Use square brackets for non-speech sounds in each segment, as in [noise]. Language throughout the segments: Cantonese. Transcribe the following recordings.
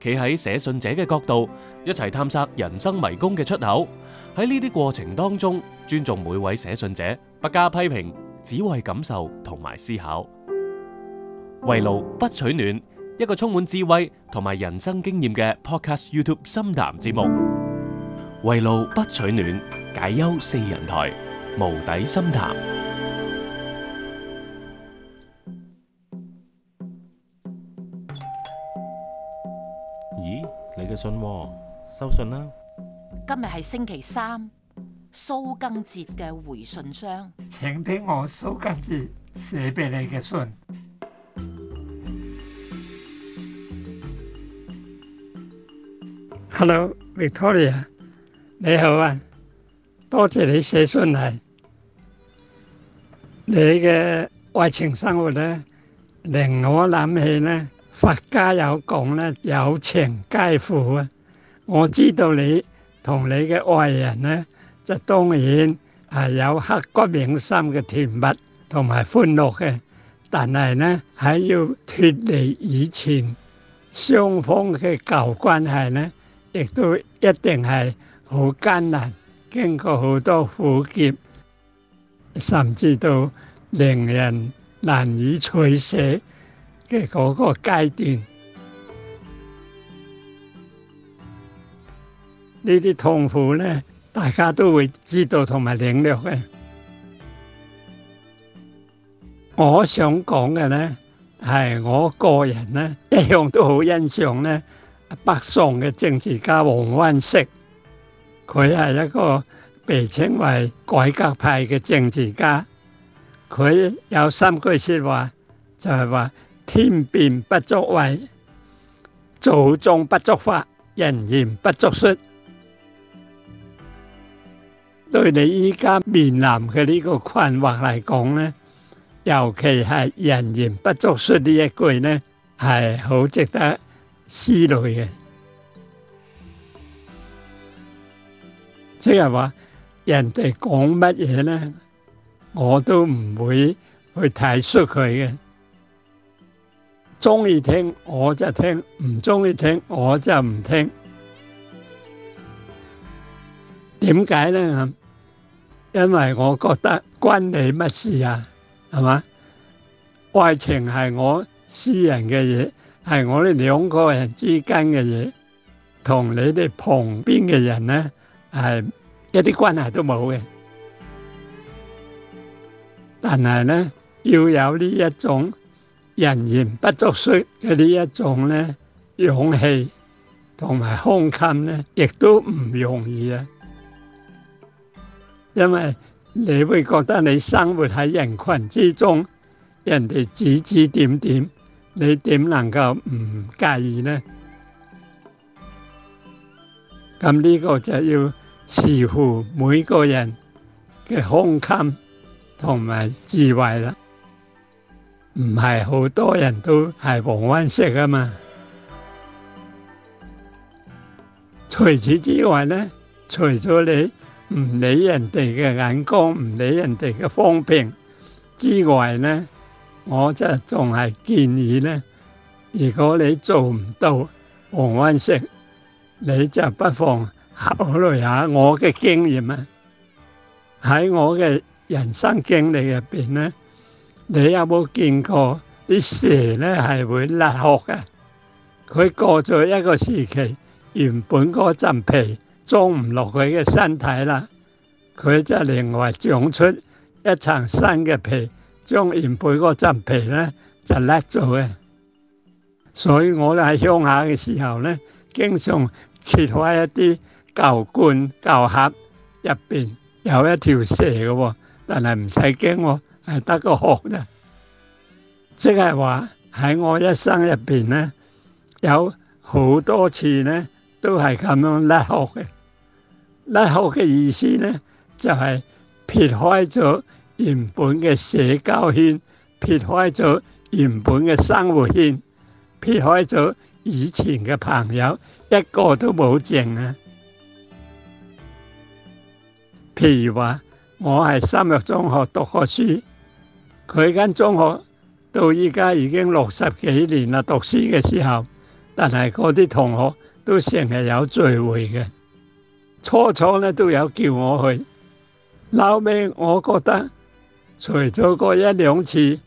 企喺寫信者嘅角度，一齊探索人生迷宮嘅出口。喺呢啲過程當中，尊重每位寫信者，不加批評，只為感受同埋思考。為路不取暖，一個充滿智慧同埋人生經驗嘅 Podcast YouTube 深談節目。為路不取暖，解憂四人台無底深談。咦，你嘅信喎，收信啦！今日係星期三，蘇賡哲嘅回信箱，請聽我蘇賡哲寫俾你嘅信。Hello，Victoria，你好啊，多謝你寫信嚟。你嘅愛情生活咧，令我諗起咧。佛家有講咧，有情皆苦啊！我知道你同你嘅愛人咧，就當然係、啊、有刻骨銘心嘅甜蜜同埋歡樂嘅，但係咧，喺要脫離以前雙方嘅舊關係咧，亦都一定係好艱難，經過好多苦澀，甚至到令人難以取捨。嘅嗰個階段，呢啲痛苦咧，大家都會知道同埋領略嘅。我想講嘅咧，係我個人咧一向都好欣賞咧北宋嘅政治家王安石，佢係一個被稱為改革派嘅政治家。佢有三句説話，就係話。天變不足畏，祖宗不足法，人言不足恤。對你而家面臨嘅呢個困惑嚟講呢，尤其係人言不足恤呢一句呢，係好值得思慮嘅。即係話，人哋講乜嘢呢，我都唔會去睇出佢嘅。中意聽我就聽，唔鍾意聽我就唔聽。點解呢？因為我覺得關你乜事啊？係嘛？愛情係我私人嘅嘢，係我哋兩個人之間嘅嘢，同你哋旁邊嘅人呢係一啲關係都冇嘅。但係呢，要有呢一種。人言不足，恤嘅呢一種咧，勇氣同埋胸襟咧，亦都唔容易啊！因為你會覺得你生活喺人群之中，人哋指指點點，你點能夠唔介意咧？咁呢個就要視乎每個人嘅胸襟同埋智慧啦。唔係好多人都係黃溫色啊嘛。除此之外咧，除咗你唔理人哋嘅眼光，唔理人哋嘅方便之外咧，我就仲係建議咧，如果你做唔到黃溫色，你就不妨考慮下我嘅經驗啊。喺我嘅人生經歷入邊咧。你有冇見過啲蛇咧？係會甩殼㗎。佢過咗一個時期，原本嗰層皮裝唔落佢嘅身體啦，佢就另外長出一層新嘅皮，將原本嗰層皮咧就甩咗嘅。所以我哋喺鄉下嘅時候咧，經常揭開一啲舊罐、舊盒，入邊有一條蛇嘅喎、哦，但係唔使驚喎。係得個學嘅，即係話喺我一生入邊咧，有好多次咧都係咁樣叻學嘅。叻學嘅意思咧就係、是、撇開咗原本嘅社交圈，撇開咗原本嘅生活圈，撇開咗以前嘅朋友，一個都冇剩啊！譬如話我係三育中學讀過書。佢間中學到依家，已經六十幾年啦，讀書嘅時候，但係嗰啲同學都成日有聚會嘅，初初咧都有叫我去，後尾我覺得除咗個一兩次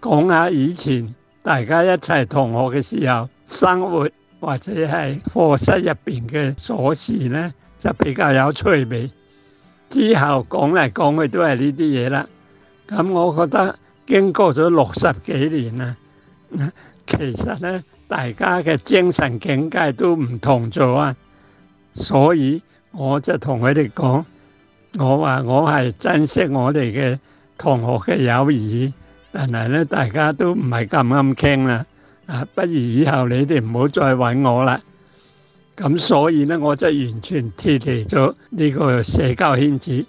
講下以前大家一齊同學嘅時候生活或者係課室入邊嘅瑣事咧，就比較有趣味。之後講嚟講去都係呢啲嘢啦。咁、嗯、我覺得經過咗六十幾年啦，其實咧大家嘅精神境界都唔同咗啊。所以我就同佢哋講：我話我係珍惜我哋嘅同學嘅友誼，但係咧大家都唔係咁啱傾啦。啊，不如以後你哋唔好再揾我啦。咁、嗯、所以咧，我就完全脱離咗呢個社交圈子，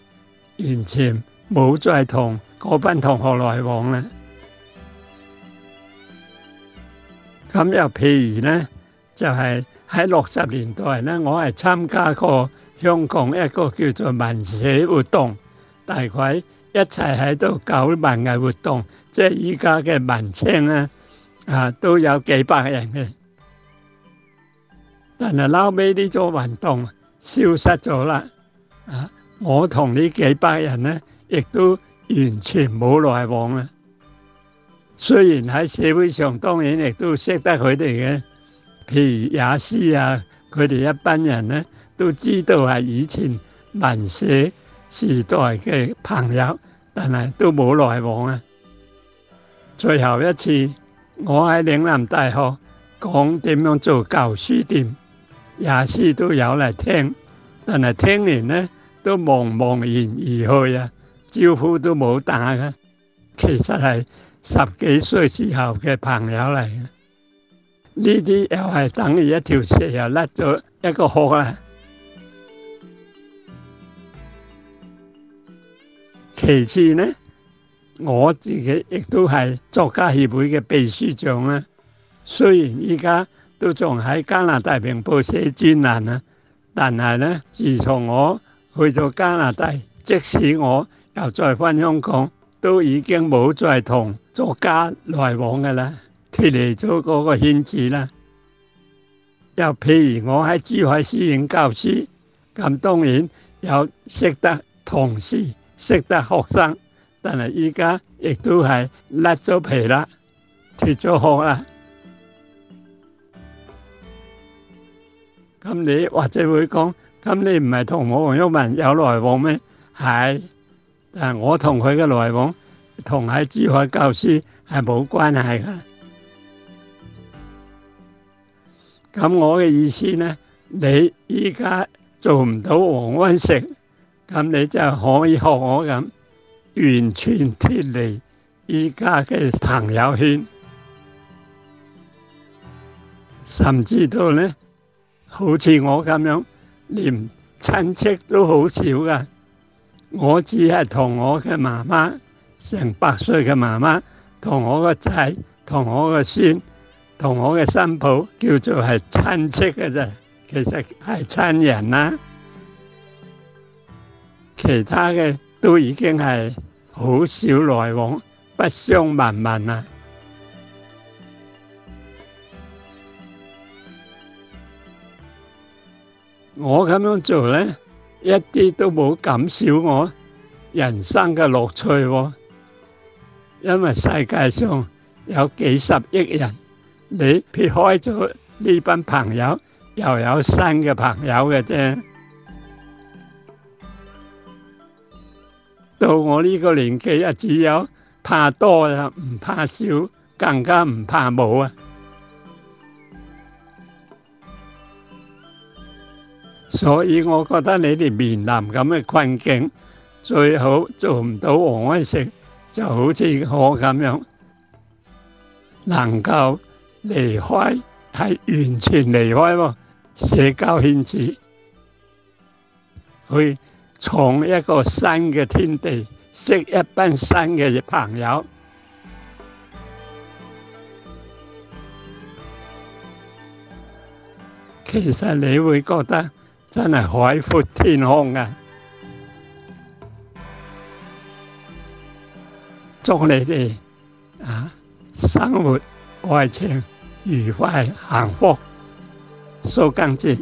完全冇再同嗰班同學來往咧，咁又譬如咧，就係喺六十年代咧，我係參加過香港一個叫做文社活動，大概一齊喺度搞文藝活動，即係依家嘅文青咧，啊，都有幾百人嘅，但係撈尾呢種運動消失咗啦，啊，我同呢幾百人咧，亦都。完全冇來往啊！雖然喺社會上，當然亦都識得佢哋嘅，譬如亞詩啊，佢哋一班人咧，都知道係以前文社時代嘅朋友，但係都冇來往啊！最後一次我喺嶺南大學講點樣做舊書店，亞詩都有嚟聽，但係聽完咧都茫茫然而去啊！招呼都冇打嘅，其實係十幾歲時候嘅朋友嚟嘅。呢啲又係等於一條蛇又甩咗一個殼啦。其次呢，我自己亦都係作家協會嘅秘書長啦。雖然依家都仲喺加拿大明報寫專欄啊，但係呢，自從我去咗加拿大，即使我又再返香港，都已經冇再同作家來往㗎啦，脫離咗嗰個圈子啦。又譬如我喺珠海書院教書，咁當然有識得同事、識得學生，但係而家亦都係甩咗皮啦，脫咗殼啦。咁你或者會講：咁你唔係同我黃毓民有來往咩？係。但我同佢嘅來往，同喺珠海教書係冇關係嘅。咁我嘅意思呢？你而家做唔到王安石，咁你就可以學我咁，完全脫離而家嘅朋友圈，甚至到呢，好似我咁樣，連親戚都好少噶。我只係同我嘅媽媽，成百歲嘅媽媽，同我嘅仔，同我嘅孫，同我嘅新抱，叫做係親戚嘅啫。其實係親人啦，其他嘅都已經係好少來往，不相聞問啦。我咁樣做呢？一啲都冇減少我人生嘅樂趣喎，因為世界上有幾十億人，你撇開咗呢班朋友，又有新嘅朋友嘅啫。到我呢個年紀啊，只有怕多又唔怕少，更加唔怕冇啊！所以我覺得你哋面臨咁嘅困境，最好做唔到王安石，就好似我咁樣，能夠離開，係完全離開咯，社交圈子，去創一個新嘅天地，認識一班新嘅朋友。其實你會覺得。真係海闊天空啊！祝你哋啊生活、愛情愉快幸福，蘇賡哲。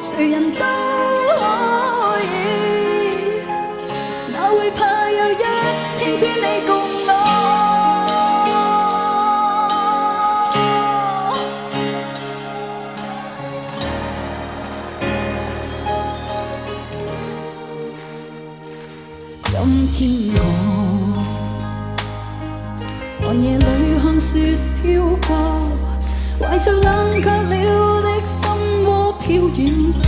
誰人都可以，那會怕有一天只你共我？今 [noise] 天我寒夜裏看雪飄過，懷著冷卻。飄遠。